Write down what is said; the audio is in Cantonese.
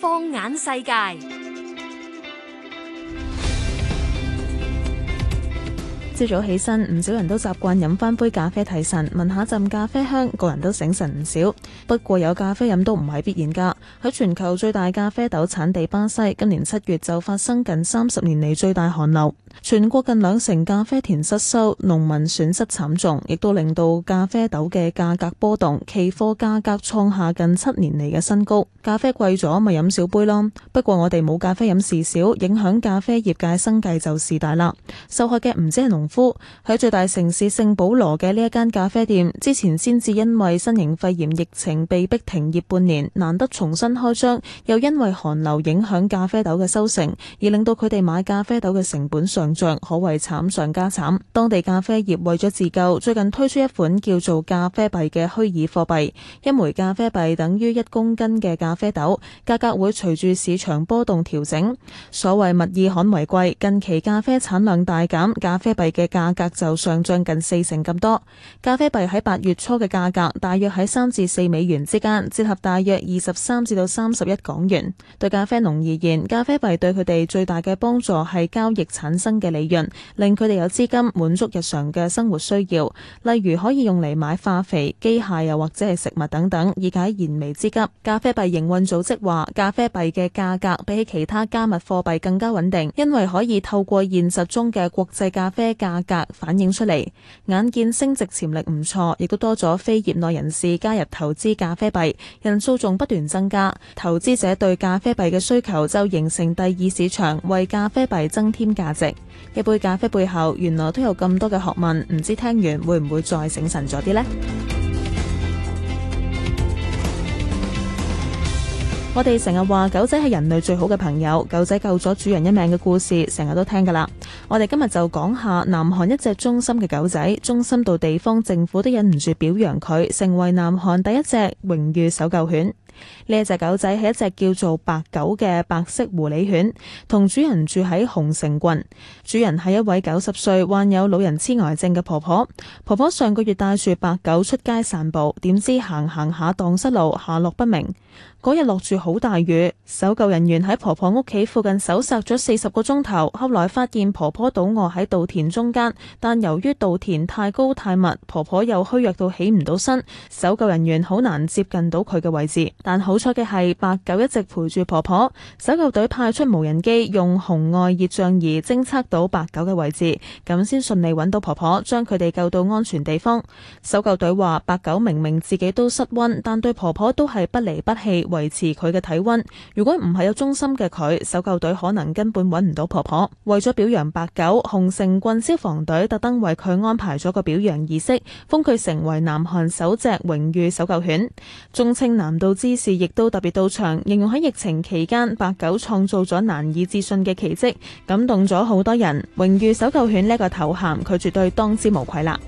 放眼世界。朝早起身，唔少人都習慣飲翻杯咖啡提神，聞下陣咖啡香，個人都醒神唔少。不過有咖啡飲都唔係必然㗎。喺全球最大咖啡豆產地巴西，今年七月就發生近三十年嚟最大寒流，全國近兩成咖啡田失收，農民損失慘重，亦都令到咖啡豆嘅價格波動，期貨價格創下近七年嚟嘅新高。咖啡貴咗咪飲少杯咯。不過我哋冇咖啡飲事少，影響咖啡業界生計就事大啦。受害嘅唔止係農。喺最大城市聖保羅嘅呢一間咖啡店，之前先至因為新型肺炎疫情被迫停業半年，難得重新開張，又因為寒流影響咖啡豆嘅收成，而令到佢哋買咖啡豆嘅成本上漲，可謂慘上加慘。當地咖啡業為咗自救，最近推出一款叫做咖啡幣嘅虛擬貨幣，一枚咖啡幣等於一公斤嘅咖啡豆，價格會隨住市場波動調整。所謂物以罕為貴，近期咖啡產量大減，咖啡幣嘅嘅價格就上漲近四成咁多。咖啡幣喺八月初嘅價格大約喺三至四美元之間，折合大約二十三至到三十一港元。對咖啡農而言，咖啡幣對佢哋最大嘅幫助係交易產生嘅利潤，令佢哋有資金滿足日常嘅生活需要，例如可以用嚟買化肥、機械又或者係食物等等，以解燃眉之急。咖啡幣營運組織話，咖啡幣嘅價格比起其他加密貨幣更加穩定，因為可以透過現實中嘅國際咖啡價格反映出嚟，眼見升值潛力唔錯，亦都多咗非業內人士加入投資咖啡幣，人數仲不斷增加，投資者對咖啡幣嘅需求就形成第二市場，為咖啡幣增添價值。一杯咖啡背後原來都有咁多嘅學問，唔知聽完會唔會再醒神咗啲呢？我哋成日話狗仔係人類最好嘅朋友，狗仔救咗主人一命嘅故事，成日都聽噶啦。我哋今日就講下南韓一隻忠心嘅狗仔，忠心到地方政府都忍唔住表揚佢，成為南韓第一隻榮譽搜救犬。呢一隻狗仔係一隻叫做白狗嘅白色狐狸犬，同主人住喺洪城郡。主人係一位九十歲患有老人痴呆症嘅婆婆。婆婆上個月帶住白狗出街散步，點知行行下蕩失路，下落不明。嗰日落住好大雨，搜救人員喺婆婆屋企附近搜索咗四十個鐘頭，後來發現婆婆倒臥喺稻田中間，但由於稻田太高太密，婆婆又虛弱到起唔到身，搜救人員好難接近到佢嘅位置。但好彩嘅係，白狗一直陪住婆婆，搜救隊派出無人機用紅外熱像儀偵測到白狗嘅位置，咁先順利揾到婆婆，將佢哋救到安全地方。搜救隊話：白狗明明自己都失溫，但對婆婆都係不離不棄。維持佢嘅體溫。如果唔係有忠心嘅佢，搜救隊可能根本揾唔到婆婆。為咗表揚白狗，洪城郡消防隊特登為佢安排咗個表揚儀式，封佢成為南韓首隻榮譽搜救犬。忠清南道知事亦都特別到場，形容喺疫情期間，白狗創造咗難以置信嘅奇跡，感動咗好多人。榮譽搜救犬呢個頭銜，佢絕對當之無愧啦。